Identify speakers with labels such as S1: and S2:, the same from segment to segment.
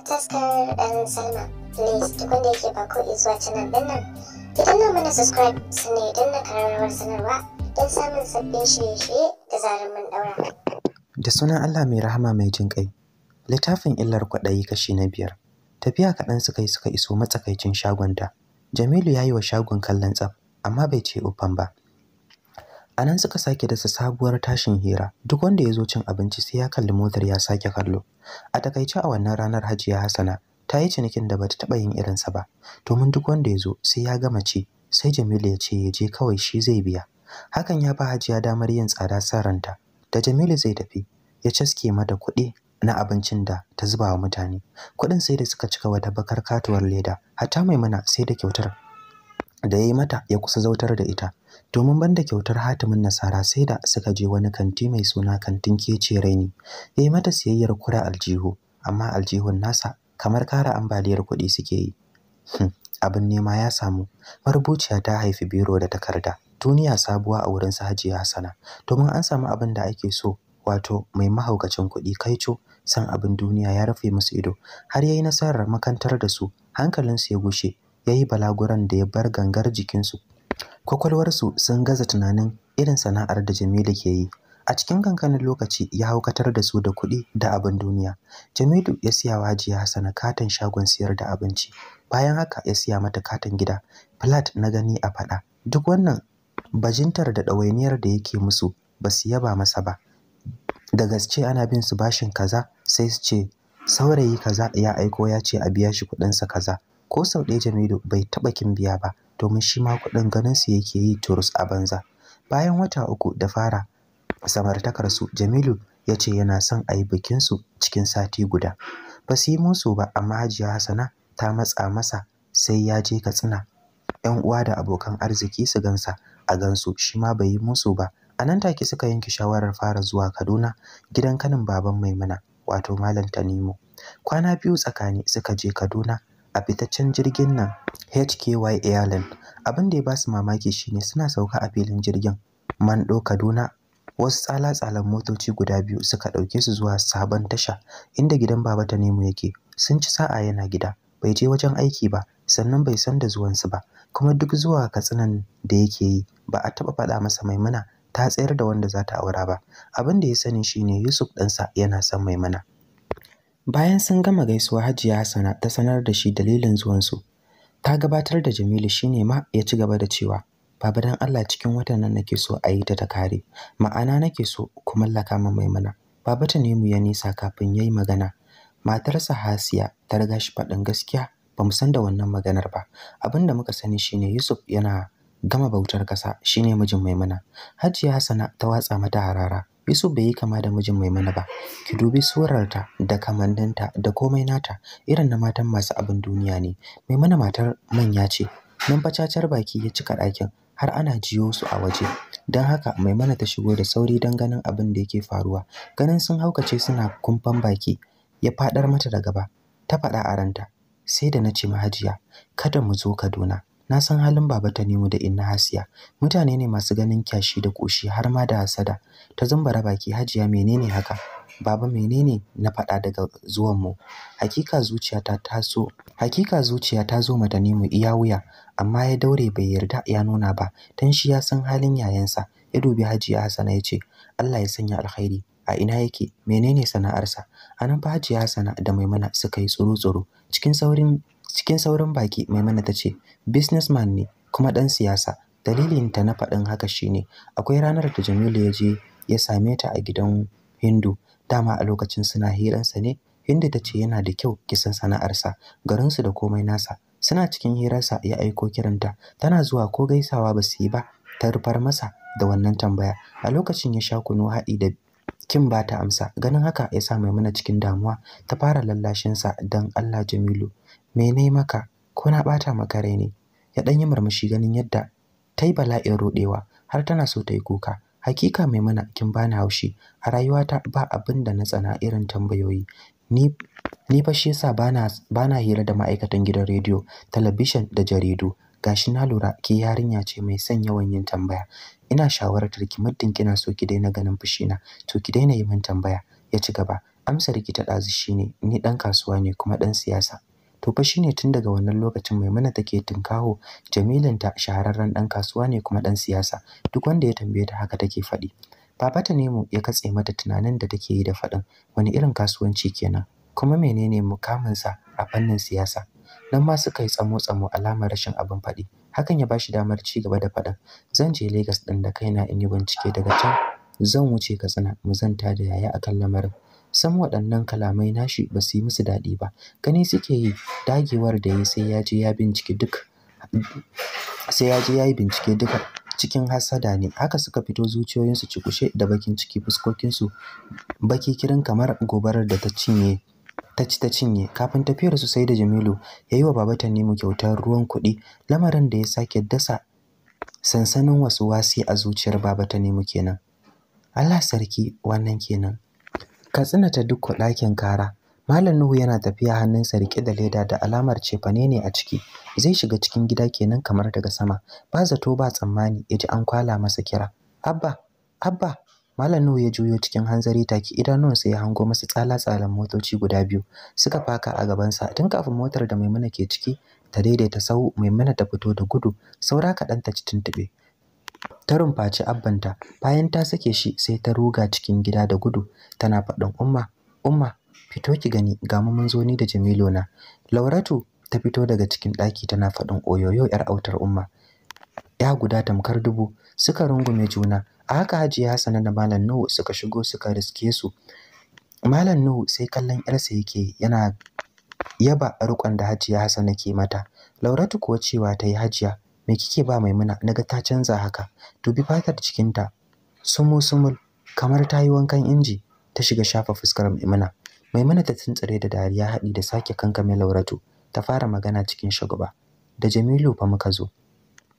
S1: da taskar ɗan salma please duk wanda yake ba ko zuwa canal ɗin nan mana subscribe sannan idan na kararrawar sanarwa don samun sabbin shirye-shirye da zarar mun ɗaura. da sunan allah mai rahama mai jin littafin illar kwaɗayi kashi na biyar tafiya kaɗan suka yi suka iso matsakaicin shagonta jamilu ya yi wa shagon kallon tsaf amma bai ce ufan ba a nan suka sake dasa sabuwar tashin hira duk wanda ya zo cin abinci sai ya kalli motar ya sake kallo a takaice a wannan ranar hajiya Hassana ta yi cinikin da bata taɓa yin irinsa ba domin duk wanda ya zo sai ya gama ci sai jamilu ya ce ya je kawai shi zai biya hakan ya ba hajiya damar yin tsada saranta, da jamilu zai tafi ya caske mata kuɗi na abincin da ta zuba wa mutane kuɗin sai da suka cika wata bakar katuwar leda hatta mana, sai da kyautar da ya yi mata ya kusa zautar da ita domin banda kyautar hatimin nasara sai da suka je wani kanti mai suna kantin kece raini ya yi mata siyayyar kura aljihu amma aljihun nasa kamar kara ambaliyar kuɗi suke yi hmm, abin nema ya samu marubuciya ta haifi biro da takarda duniya sabuwa a wurin su hajiya hasana domin an samu abin da ake so wato mai mahaukacin kuɗi kaico san abin duniya ya rufe musu ido har ya yi nasarar makantar da su hankalinsu ya gushe ya yi balaguran da ya bar gangar jikinsu kwakwalwarsu sun gaza tunanin irin sana'ar da Jamilu ke yi a cikin kankanin lokaci ya haukatar da su da kuɗi da abin duniya Jamilu ya siya wa Hajiya Hassana katon shagon siyar da abinci bayan haka ya siya mata katon gida flat na gani a faɗa duk wannan bajintar da ɗawainiyar da yake musu ba su yaba masa ba da gaske ana bin su bashin kaza sai su ce saurayi kaza ya aiko ya ce a biya shi kuɗinsa kaza ko sau ɗaya Jamilu bai taɓa kin biya ba domin shi ma kuɗin ganinsu yake yi turus a banza bayan wata uku da fara samartakarsu jamilu ya ce yana son a yi bikinsu cikin sati guda ba su yi musu ba amma hajiya Hassana ta matsa masa sai ya je katsina yan uwa da abokan arziki su gansa a gansu shi ma bai yi musu ba a nan take suka yanke shawarar fara zuwa kaduna gidan kanin baban maimuna wato malam tanimu kwana biyu tsakani suka je kaduna a fitaccen jirgin nan HKY Airline. Abin da ya ba su mamaki shine suna sauka a filin jirgin Mando Kaduna. Wasu tsala-tsalan motoci guda biyu suka ɗauke su zuwa sabon tasha inda gidan Baba ta nemo yake. Sun ci sa'a yana gida, bai je wajen aiki ba, sannan bai san da zuwansu ba. Kuma duk zuwa katsinan da yake yi ba a taɓa faɗa masa maimuna ta tsayar da wanda za ta aura ba. Abin da ya sani shine Yusuf ɗansa yana son maimuna. Bayan sun gama gaisuwa Hajiya Hassana ta sanar da shi dalilin zuwansu. Ta gabatar da Jamilu shi ne ma ya ci gaba da cewa, Baba dan Allah cikin watan nan nake so a yi ta ta kare, ma'ana nake so ku mallaka min maimuna. Baba ta nemu ya nisa kafin ya yi magana. Matarsa Hasiya ta riga shi faɗin gaskiya ba mu san da wannan maganar ba. Abin da muka sani shine Yusuf yana gama bautar ƙasa shine mijin maimuna. Hajiya Hassana ta watsa mata harara Yusuf bai yi kama da mijin Maimuna ba. Ki dubi surarta da kamandanta da komai nata irin na matan masu abin duniya ne. mai mana matar manya ce. Nan baki ya cika ɗakin har ana jiyo su a waje. Don haka mai mana ta shigo da sauri don ganin abin da yake faruwa. Ganin sun haukace suna kumfan baki ya faɗar mata da gaba. Ta faɗa a ranta. Sai da na ce mahajiya kada mu zo Kaduna. Na san halin Baba ta nemo da Inna Hasiya. Mutane ne masu ganin kyashi da ƙoshi har ma da hasada. Ta zumbara baki Hajiya menene haka? Baba menene na faɗa daga zuwan mu? Hakika zuciyata ta taso Hakika zuciya ta zo mata nemo iya wuya, amma ya daure bai yarda ya nuna ba. Dan shi ya san halin yayansa. Ya dubi Hajiya Hassana ya ce, "Allah ya sanya alkhairi." A ina yake? Menene sana'arsa? Anan ba Hajiya Hassana da Maimuna suka yi tsuru-tsuru cikin saurin cikin saurin baki maimuna ta ce businessman ne kuma ɗan siyasa dalilinta na faɗin haka shine akwai ranar da jamilu ya je ya same ta a gidan hindu dama a lokacin suna hiransa ne hindu ta ce yana da kyau kisan sana'arsa garinsu da komai nasa suna cikin hirarsa ya aiko kiranta tana zuwa ko gaisawa ba su yi ba ta rufar masa da wannan tambaya a lokacin ya sha kunu haɗi da kin ba ta amsa ganin haka ya sa maimuna cikin damuwa ta fara lallashinsa dan allah jamilu me ne maka ko na bata maka rai ne ya dan yi murmushi ganin yadda ta yi bala'in rudewa har tana so ta yi kuka hakika mai mana kin bani haushi a rayuwata ba abin da na tsana irin tambayoyi ni ni fa shi yasa bana bana hira da ma'aikatan gidan rediyo talabishin da jaridu gashi na lura ke yarinya ce mai son yawan yin tambaya ina shawarar ki muddin kina so ki daina ganin fushi na to ki daina yi min tambaya ya ci gaba amsar ki ta dazu shine ni dan kasuwa ne kuma dan siyasa to fa shine tun daga wannan lokacin Maimuna take tinkaho Jamilin ta shahararren dan kasuwa ne kuma dan siyasa duk wanda ya tambaye ta haka take faɗi Baba ta nemo ya katse mata tunanin da take yi da faɗin wani irin kasuwanci kenan kuma menene mukamin sa a fannin siyasa nan ma suka yi tsamo-tsamo alamar rashin abin faɗi hakan ya bashi damar ci gaba da faɗin zan je Legas ɗin da kaina in yi bincike daga can zan wuce Katsina mu zanta da yaya akan lamarin san waɗannan kalamai nashi ba su yi musu daɗi ba gani suke yi dagewar da ya sai ya je ya bincike duk sai ya je ya yi bincike duka cikin hasada ne haka suka fito zuciyoyinsu cikushe da bakin ciki fuskokinsu baki kirin kamar gobarar da ta cinye ta ci ta cinye kafin tafiyar su sai da Jamilu ya yi wa Baba nemo kyautar ruwan kuɗi lamarin da ya sake dasa sansanin wasu wasi a zuciyar Baba nemo kenan Allah sarki wannan kenan ka ta duk ɗakin kara malam nuhu yana tafiya hannunsa rike da leda da alamar cefane ne a ciki zai shiga cikin gida kenan kamar daga sama ba zato ba tsammani ya an kwala masa kira abba abba malam nuhu ya juyo cikin hanzari take idanunsa ya hango masa tsala-tsalan motoci guda biyu suka faka a gabansa tun kafin motar da maimuna ke ciki ta daidaita sau maimuna ta fito da gudu saura kaɗan ta ci tuntuɓe ta rumfaci abbanta bayan ta sake shi sai ta ruga cikin gida da gudu tana faɗin umma umma fito ki gani ga mu mun zo ni da Jamilu na Lauratu ta fito daga cikin ɗaki tana faɗin oyoyo yar autar umma ya guda tamkar dubu suka rungume juna a haka Hajiya hasana da Malam Nuhu suka shigo suka riske su Malam Nuhu sai kallon yarsa yake yana yaba rukon da Hajiya Hassana ke mata Lauratu kuwa cewa ta yi Hajiya me kike ba maimuna naga ta canza haka dubi fatar cikinta sumu sumul kamar ta yi wankan inji ta shiga shafa fuskar maimuna maimuna ta tsintsare da dariya haɗi da sake kankame Laurato ta fara magana cikin shagaba da jamilu fa muka zo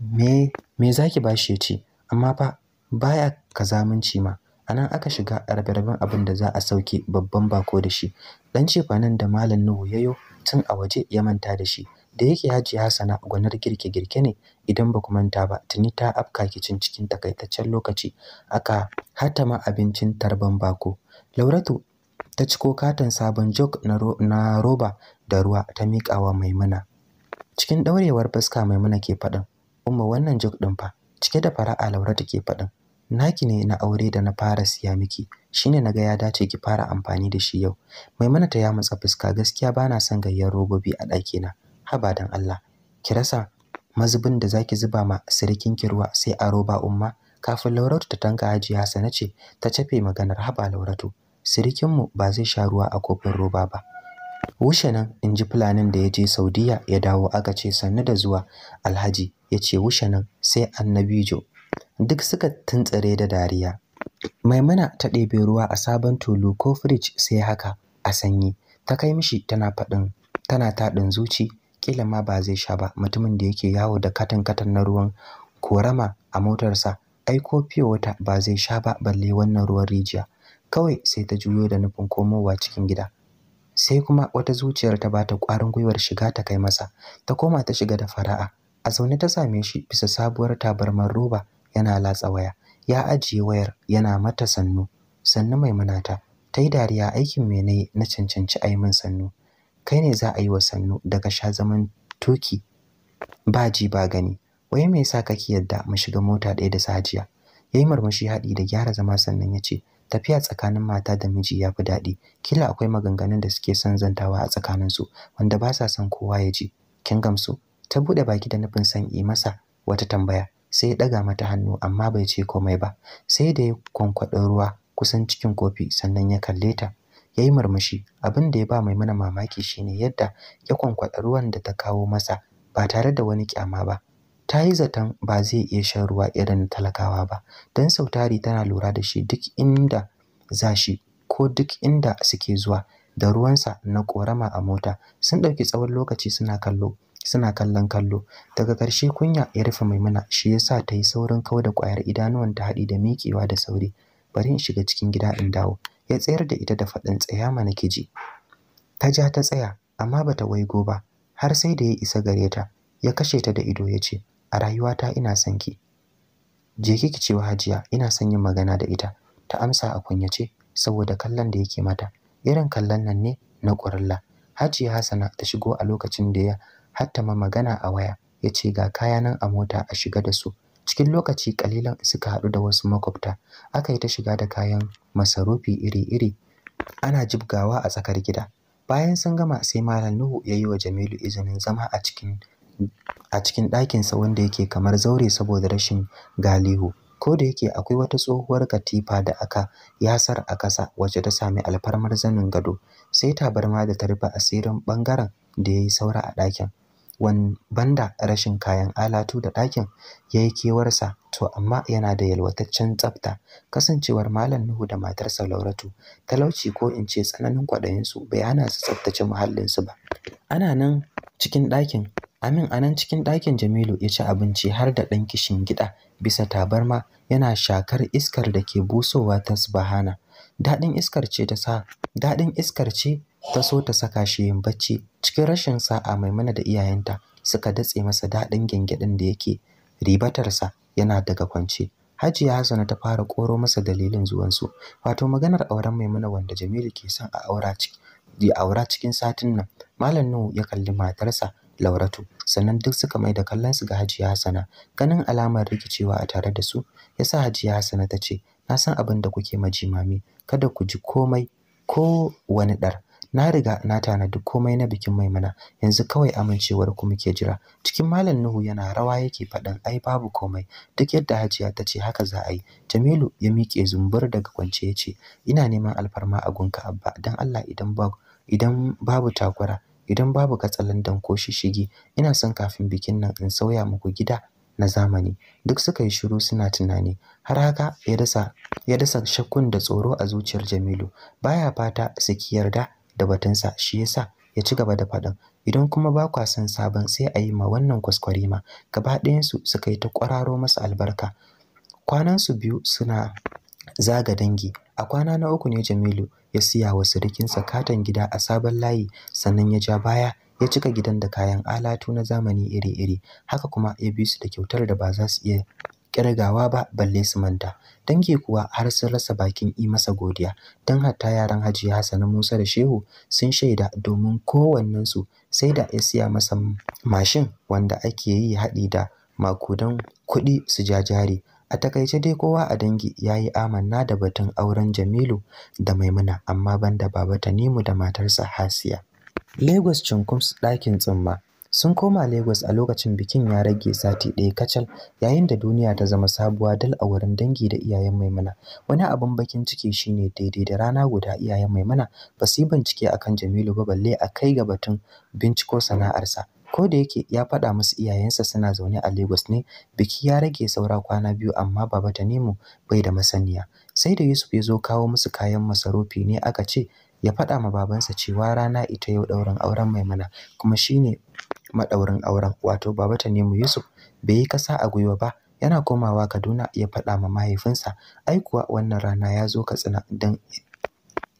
S1: me me zaki shi ya ci? amma fa baya kazamunci ma anan aka shiga rabe-raben abin da za a sauke babban bako da shi dan cefanen da malam Nuhu yayo tun a waje ya manta da shi da yake hajiya hassana gwanar girke-girke ne idan ba ku manta ba tuni ta afka kicin cikin takaitaccen lokaci aka hatama abincin tarban bako lauratu ta ciko katon sabon jug na roba da ruwa ta miƙawa maimuna cikin ɗaurewar fuska maimuna ke faɗin umma wannan jug ɗin fa cike da fara'a lauratu ke faɗin naki ne na aure da na fara siya miki shine naga ya dace ki fara amfani da shi yau maimuna ta yamutsa fuska gaskiya bana son gayyar robobi a ɗakina. na abadan dan Allah ki rasa mazubin da zaki zuba ma sirikin ki ruwa sai a roba umma kafin Lauratu ta tanka Hajiya Hassana ce ta cafe maganar haba Lauratu sirikin mu ba zai sha ruwa a kofin roba ba Wushe nan in ji fulanin da ya je Saudiya ya dawo aka ce sannu da zuwa Alhaji ya ce wushe nan sai Annabijo duk suka tuntsare da dariya Maimuna ta ɗebe ruwa a sabon tulu ko fridge sai haka a sanyi ta kai mishi tana faɗin tana taɗin zuci kila ma ba zai sha ba mutumin da yake yawo da katan-katan na ruwan korama a motarsa ai ko fiye wata ba zai sha ba balle wannan ruwan rijiya kawai sai ta juyo da nufin komowa cikin gida sai kuma wata zuciyar ta bata kwarin gwiwar shiga ta kai masa ta koma ta shiga da fara'a a zaune ta same shi bisa sabuwar tabarmar roba yana latsa waya ya ajiye wayar yana mata sannu sannu mai manata ta yi dariya aikin me na cancanci aimin sannu kai ne za a yi wa sannu daga sha zaman tuki ba ji ba gani wai me yasa kake yadda mu shiga mota ɗaya da sajiya yi murmushi haɗi da gyara zama sannan ya ce tafiya tsakanin mata da miji ya fi daɗi kila akwai maganganun da suke son zantawa a tsakaninsu wanda ba sa son kowa ya ji kin gamsu ta buɗe baki da nufin son yi masa wata tambaya sai ya ɗaga mata hannu amma bai ce komai ba sai da ya kwankwaɗa ruwa kusan cikin kofi sannan ya kalle ta ya yi murmushi abin da ya ba maimuna mamaki shine yadda ya kwankwaɗa ruwan da ta kawo masa ba tare da wani kyama ba ta yi zaton ba zai iya shan ruwa irin talakawa ba don sautari tana lura da shi duk inda za shi ko duk inda suke zuwa da ruwansa na korama a mota sun ɗauki tsawon lokaci suna kallo suna kallon kallo daga ƙarshe kunya ya rufe maimuna shi yasa ta yi saurin kau da ƙwayar idanuwan ta haɗi da miƙewa da sauri bari in shiga cikin gida in dawo ya tsayar da ita da faɗin tsaya mana kiji ta ja ta tsaya amma ba bata waigo ba har sai da ya isa gare ta ya kashe ta da ido ya ce a rayuwata ina son ki je kiki cewa hajiya ina son yin magana da ita ta amsa a kunyace saboda kallon da yake mata irin kallon nan ne na ƙurilla hajiya Hassana ta shigo a lokacin da ya hattama magana a waya ya ce ga kaya nan a mota a shiga da su cikin lokaci kalilan suka haɗu da wasu makwabta aka yi ta shiga da kayan masarufi iri-iri ana jibgawa a tsakar gida bayan sun gama sai malam nuhu ya yi wa jamilu izinin zama a cikin ɗakinsa wanda yake kamar zaure saboda rashin galihu ko da yake akwai wata tsohuwar katifa da aka yasar a ƙasa wacce ta sami alfarmar zanin gado sai tabarma da ta rufe asirin ɓangaren da ya yi saura a ɗakin banda rashin kayan alatu da ɗakin ya yi kewarsa to amma yana da yalwataccen tsafta kasancewar malam nuhu da matarsa lauratu talauci ko in ce tsananin kwaɗayinsu bai hana su tsaftace muhallinsu ba ana nan cikin ɗakin amin nan cikin ɗakin jamilu ya ci abinci har da ɗan kishin gida bisa tabarma yana shakar iskar da ke busowa ta subhana daɗin iskar ce ta sa iskar ce ta so ta saka shi yin bacci cikin rashin sa'a maimuna da iyayenta suka datse masa daɗin gyangyaɗin da yake ribatarsa yana daga kwance hajiya hassana ta fara koro masa dalilin zuwansu wato maganar auren maimuna wanda jamilu ke son a aura ciki ya aura cikin satin nan malam nuhu ya kalli matarsa lauratu sannan duk suka mai da kallonsu ga hajiya hassana ganin alamar rikicewa a tare da su ya sa hajiya hassana ta ce na san abin da kuke majimami kada ku ji komai ko wani ɗar na riga na tanadi komai na bikin maimuna yanzu kawai amincewar ku muke jira cikin malam nuhu yana rawa yake faɗan ai babu komai duk yadda hajiya ta ce haka za a yi jamilu ya miƙe zumbur daga kwance ya ce ina neman alfarma a gunka abba dan allah idan ba idan babu takura idan babu katsalandan ko shishigi ina son kafin bikin nan in sauya muku gida na zamani duk suka yi shiru suna tunani har haka ya dasa ya dasa shakkun da tsoro a zuciyar Jamilu baya fata su ki yarda da batunsa shi yasa ya ci gaba da faɗin idan kuma ba kwa son sabon sai a yi ma wannan ma, gaba ɗayansu suka yi ta ƙwararo masa albarka kwanansu biyu suna zaga dangi a kwana na uku ne jamilu ya siya wa sirikinsa katon gida a sabon layi sannan ya ja baya ya cika gidan da kayan alatu na zamani iri-iri haka kuma ya bi su da kyautar da ba za su iya ƙirgawa ba balle su manta dangi kuwa har sun rasa bakin yi masa godiya don hatta yaran hajiya hassana musa da shehu sun shaida domin kowannensu sai da ya siya masa mashin wanda ake yi haɗi da makudan kuɗi su ja jari a takaice dai kowa a dangi ya yi amanna da batun auren jamilu da maimuna amma banda baba tanimu da matarsa hasiya lagos cinkums ɗakin tsimma Sun koma Lagos a lokacin bikin ya rage sati ɗaya kacal yayin da duniya ta zama sabuwa dal a wurin dangi da iyayen Maimuna. Wani abin bakin ciki shine daidai da rana guda iyayen Maimuna ba su yi bincike akan Jamilu ba balle a kai ga batun binciko sana'arsa. Ko da yake ya faɗa musu iyayensa suna zaune a Lagos ne, biki ya rage saura kwana biyu amma Baba Tanimu bai da masaniya. Sai da Yusuf ya zo kawo musu kayan masarufi ne aka ce ya faɗa ma babansa cewa rana ita yau ɗaurin auren Maimuna kuma shine maɗaurin auren wato baba nemo Yusuf bai yi kasa a gwiwa ba yana komawa Kaduna ya faɗa ma mahaifinsa aikuwa wannan rana ya zo tsina don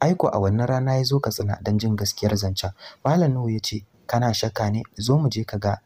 S1: aiko a wannan rana ya zo ka tsina don jin gaskiyar zancen. Malam Nuhu ya ce, Kana shakka ne, zo mu je ka ga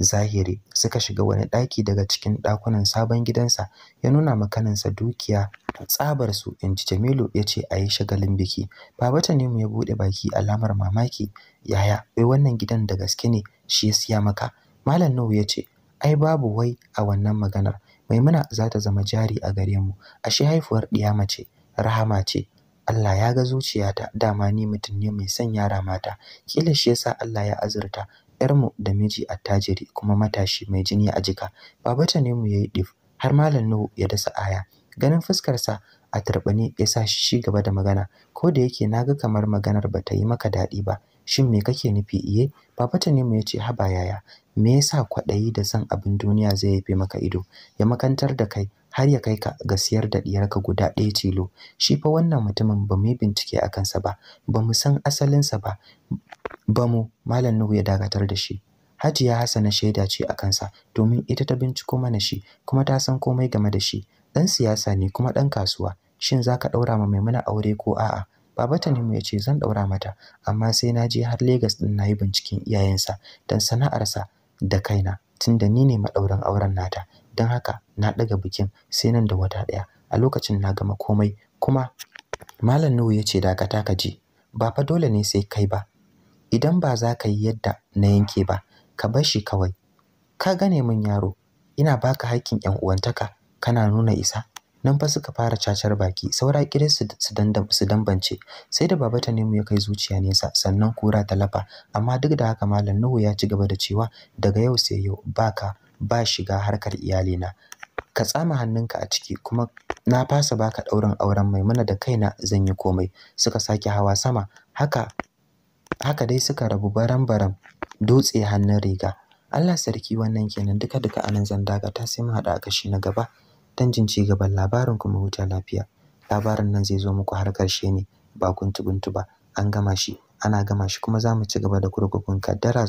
S1: zahiri suka shiga wani ɗaki daga cikin ɗakunan sabon gidansa ya nuna makaninsa dukiya tsabar su inji Jamilu ya ce a yi shagalin biki baba Tanimu ya buɗe baki alamar mamaki yaya wai wannan gidan da gaske ne shi ya siya maka malam Nuhu ya ce ai babu wai a wannan maganar Maimuna za ta zama jari a gare mu ashe haifuwar ɗiya mace rahama ce Allah ya ga zuciyata dama ni mutum ne mai son yara mata kila shi yasa Allah ya azurta 'yarmu da miji attajiri kuma matashi mai jini a jika baba ne mu yi ɗif har malam Nuhu ya dasa aya ganin fuskarsa a tarbani ya sa shi gaba da magana ko da yake naga kamar maganar ba ta yi maka daɗi ba shin me kake nufi iye baba mu ya ce haba yaya me yasa kwaɗayi da son abin duniya zai yafe maka ido ya makantar da kai har ya kai ka ga siyar da diyarka guda ɗaya tilo shi fa wannan mutumin ba mu bincike a kansa ba ba mu san asalinsa ba ba mu malam Nuhu ya dakatar da shi Hajiya Hassana shaida ce a kansa domin ita ta binciko mana shi kuma ta san komai game da shi dan siyasa ne kuma dan kasuwa shin zaka daura ma Maimuna aure ko a'a Baba ta Tanimu ya ce zan ɗaura mata amma sai na je har Legas ɗin na yi binciken iyayensa dan sana'arsa da kaina tunda ni ne madauran auren nata don haka na ɗaga bikin sai nan da wata ɗaya a lokacin na gama komai kuma malam Nuhu ya ce dakata ka je ba fa dole ne sai kai ba idan ba za ka yi yadda na yanke ba ka bar shi kawai ka gane min yaro ina baka haƙƙin 'yan uwantaka kana nuna isa nan fa suka fara cacar baki saura kiris su su dambance sai da baba ta nemu ya kai zuciya nesa sannan kura ta lafa amma duk da haka malam Nuhu ya ci gaba da cewa daga yau sai yau baka ba shiga harkar iyalina ka tsama hannunka a ciki kuma na fasa baka ɗaurin auren maimuna da kaina zan yi komai suka sake hawa sama haka haka dai suka rabu baran baran dutse hannun riga Allah sarki wannan kenan duka duka anan zan ta sai mu haɗa kashi na gaba dan jin ci gaban labarin kuma huta lafiya labarin nan zai zo muku har karshe ne ba kuntubuntu ba an gama shi ana gama shi kuma za mu ci gaba da kurkukun kaddara